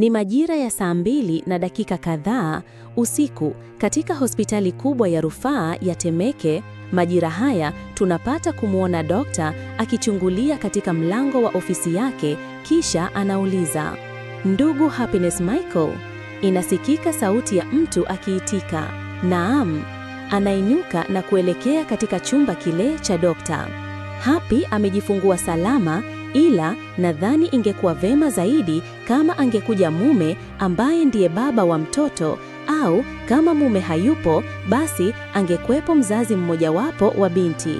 Ni majira ya saa mbili na dakika kadhaa usiku katika hospitali kubwa ya rufaa ya Temeke. Majira haya tunapata kumwona dokta akichungulia katika mlango wa ofisi yake, kisha anauliza, ndugu Happiness Michael? Inasikika sauti ya mtu akiitika, naam. Anainuka na kuelekea katika chumba kile cha dokta. Happy amejifungua salama ila nadhani ingekuwa vema zaidi kama angekuja mume ambaye ndiye baba wa mtoto, au kama mume hayupo, basi angekwepo mzazi mmojawapo wa binti.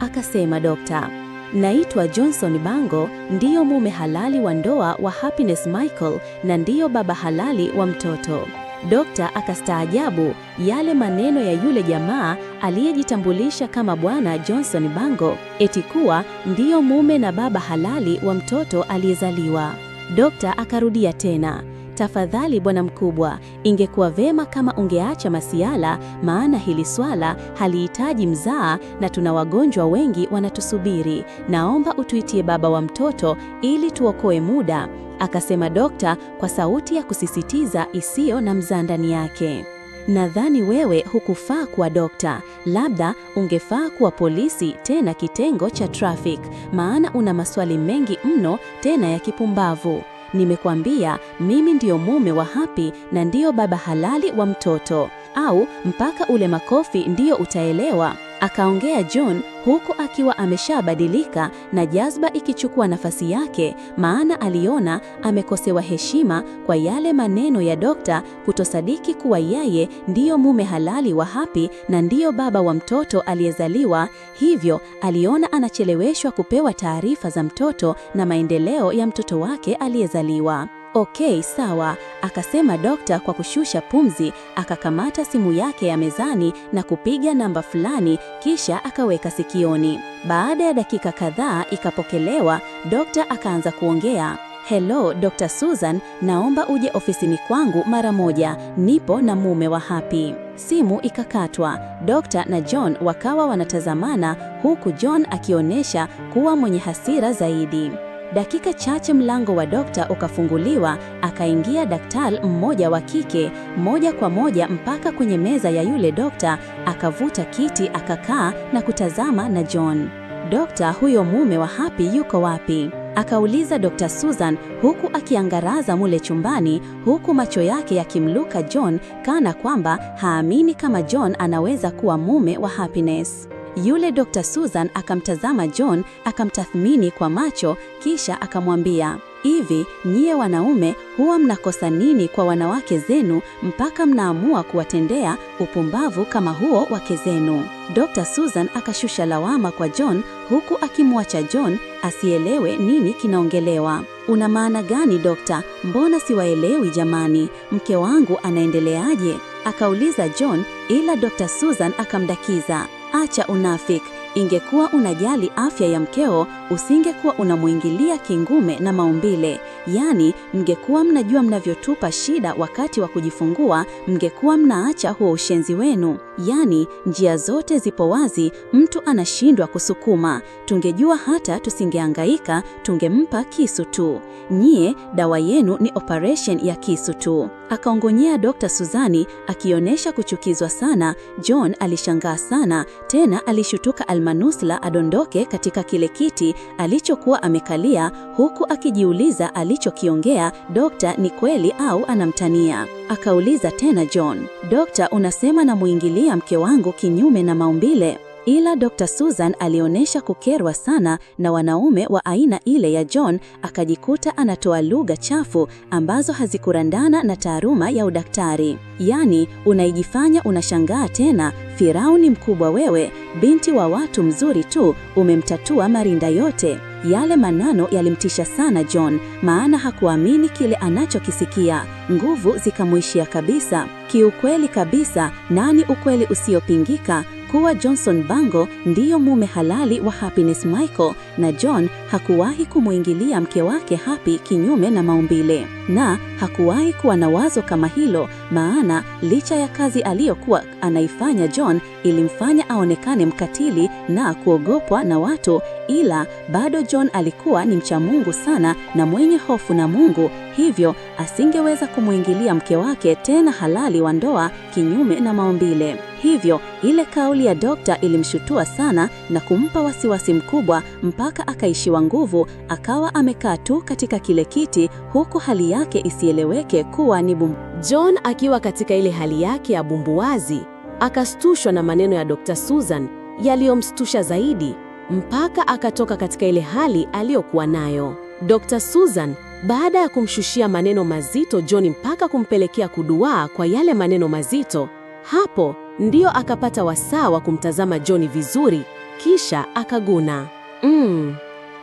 Akasema dokta, naitwa Johnson Bango, ndiyo mume halali wa ndoa wa Happiness Michael na ndiyo baba halali wa mtoto. Dokta akastaajabu yale maneno ya yule jamaa aliyejitambulisha kama Bwana Johnson Bango, eti kuwa ndiyo mume na baba halali wa mtoto aliyezaliwa. Dokta akarudia tena Tafadhali bwana mkubwa, ingekuwa vema kama ungeacha masiala, maana hili swala halihitaji mzaa na tuna wagonjwa wengi wanatusubiri. Naomba utuitie baba wa mtoto ili tuokoe muda, akasema dokta kwa sauti ya kusisitiza isiyo na mzaa ndani yake. Nadhani wewe hukufaa kuwa dokta, labda ungefaa kuwa polisi, tena kitengo cha traffic, maana una maswali mengi mno tena ya kipumbavu nimekwambia mimi ndiyo mume wa Happy na ndiyo baba halali wa mtoto, au mpaka ule makofi ndiyo utaelewa akaongea John huku akiwa ameshabadilika na jazba ikichukua nafasi yake, maana aliona amekosewa heshima kwa yale maneno ya dokta kutosadiki kuwa yeye ndiyo mume halali wa Happy na ndiyo baba wa mtoto aliyezaliwa. Hivyo aliona anacheleweshwa kupewa taarifa za mtoto na maendeleo ya mtoto wake aliyezaliwa. Okay, sawa, akasema dokta kwa kushusha pumzi. Akakamata simu yake ya mezani na kupiga namba fulani, kisha akaweka sikioni. Baada ya dakika kadhaa ikapokelewa. Dokta akaanza kuongea. Hello, Dr. Susan, naomba uje ofisini kwangu mara moja. Nipo na mume wa Happy. Simu ikakatwa. Dokta na John wakawa wanatazamana huku John akionyesha kuwa mwenye hasira zaidi. Dakika chache mlango wa dokta ukafunguliwa, akaingia daktari mmoja wa kike, moja kwa moja mpaka kwenye meza ya yule dokta, akavuta kiti akakaa na kutazama na John. Dokta huyo mume wa Happy yuko wapi? Akauliza Dr. Susan huku akiangaraza mule chumbani huku macho yake yakimluka John kana kwamba haamini kama John anaweza kuwa mume wa Happiness. Yule Dr. Susan akamtazama John, akamtathmini kwa macho, kisha akamwambia, hivi nyie wanaume huwa mnakosa nini kwa wanawake zenu mpaka mnaamua kuwatendea upumbavu kama huo wake zenu? Dr. Susan akashusha lawama kwa John huku akimwacha John asielewe nini kinaongelewa. Una maana gani dokta? Mbona siwaelewi jamani, mke wangu anaendeleaje? akauliza John, ila Dr. Susan akamdakiza acha unafiki Ingekuwa unajali afya ya mkeo, usingekuwa unamwingilia kingume na maumbile. Yaani, mngekuwa mnajua mnavyotupa shida wakati wa kujifungua, mngekuwa mnaacha huo ushenzi wenu. Yaani, njia zote zipo wazi, mtu anashindwa kusukuma. Tungejua hata tusingeangaika, tungempa kisu tu. Nyie dawa yenu ni operation ya kisu tu. Akaongonyea Dr. Suzani akionyesha kuchukizwa sana. John alishangaa sana, tena alishutuka al manusla adondoke katika kile kiti alichokuwa amekalia, huku akijiuliza alichokiongea dokta ni kweli au anamtania. Akauliza tena John, dokta, unasema namuingilia mke wangu kinyume na maumbile? Ila Dr. Susan alionyesha kukerwa sana na wanaume wa aina ile ya John, akajikuta anatoa lugha chafu ambazo hazikurandana na taaruma ya udaktari. Yaani, unaijifanya unashangaa tena, Firauni mkubwa wewe, binti wa watu mzuri tu, umemtatua marinda yote. Yale maneno yalimtisha sana John, maana hakuamini kile anachokisikia. Nguvu zikamwishia kabisa. Kiukweli kabisa, nani ukweli usiopingika kuwa Johnson Bango ndiyo mume halali wa Happiness Michael na John hakuwahi kumwingilia mke wake Happy kinyume na maumbile, na hakuwahi kuwa na wazo kama hilo, maana licha ya kazi aliyokuwa anaifanya John ilimfanya aonekane mkatili na kuogopwa na watu, ila bado John alikuwa ni mcha Mungu sana na mwenye hofu na Mungu, hivyo asingeweza kumwingilia mke wake tena halali wa ndoa kinyume na maumbile hivyo ile kauli ya dokta ilimshutua sana na kumpa wasiwasi mkubwa, mpaka akaishiwa nguvu, akawa amekaa tu katika kile kiti, huku hali yake isieleweke kuwa ni bumbu. John akiwa katika ile hali yake ya bumbuwazi, akastushwa na maneno ya dokta Susan yaliyomstusha zaidi, mpaka akatoka katika ile hali aliyokuwa nayo. Dr. Susan baada ya kumshushia maneno mazito John mpaka kumpelekea kuduaa kwa yale maneno mazito, hapo Ndiyo akapata wasaa wa kumtazama John vizuri, kisha akaguna. Mm,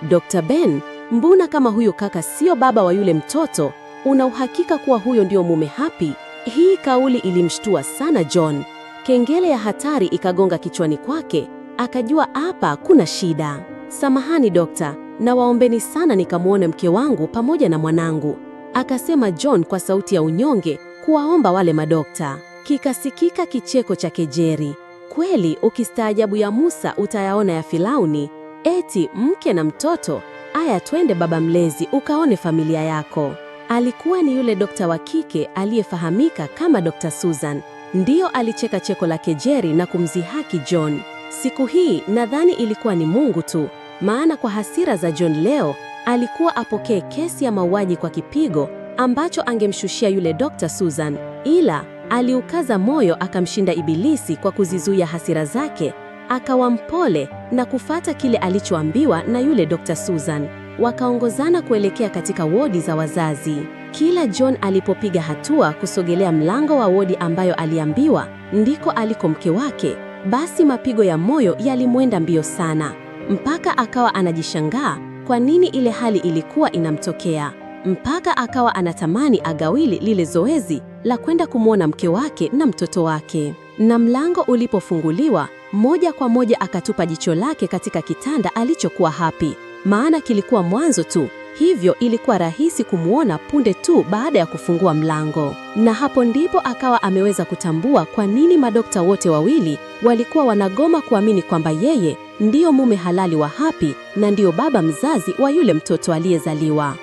Dr. Ben, mbona kama huyo kaka sio baba wa yule mtoto? Una uhakika kuwa huyo ndio mume Happy? Hii kauli ilimshtua sana John. Kengele ya hatari ikagonga kichwani kwake, akajua hapa kuna shida. Samahani dokta, na waombeni sana nikamwone mke wangu pamoja na mwanangu, akasema John kwa sauti ya unyonge, kuwaomba wale madokta. Kikasikika kicheko cha kejeri, kweli ukistaajabu ya Musa utayaona ya Firauni, eti mke na mtoto. Aya, twende baba mlezi, ukaone familia yako. Alikuwa ni yule dokta wa kike aliyefahamika kama Dokta Susan, ndiyo alicheka cheko la kejeri na kumzihaki John. Siku hii nadhani ilikuwa ni Mungu tu, maana kwa hasira za John leo alikuwa apokee kesi ya mauaji kwa kipigo ambacho angemshushia yule Dokta Susan, ila aliukaza moyo, akamshinda Ibilisi kwa kuzizuia hasira zake, akawa mpole na kufata kile alichoambiwa na yule Dr. Susan. Wakaongozana kuelekea katika wodi za wazazi. Kila John alipopiga hatua kusogelea mlango wa wodi ambayo aliambiwa ndiko aliko mke wake, basi mapigo ya moyo yalimwenda mbio sana, mpaka akawa anajishangaa kwa nini ile hali ilikuwa inamtokea, mpaka akawa anatamani agawili lile zoezi la kwenda kumwona mke wake na mtoto wake, na mlango ulipofunguliwa, moja kwa moja akatupa jicho lake katika kitanda alichokuwa Hapi, maana kilikuwa mwanzo tu, hivyo ilikuwa rahisi kumwona punde tu baada ya kufungua mlango. Na hapo ndipo akawa ameweza kutambua kwa nini madokta wote wawili walikuwa wanagoma kuamini kwamba yeye ndiyo mume halali wa Hapi na ndiyo baba mzazi wa yule mtoto aliyezaliwa.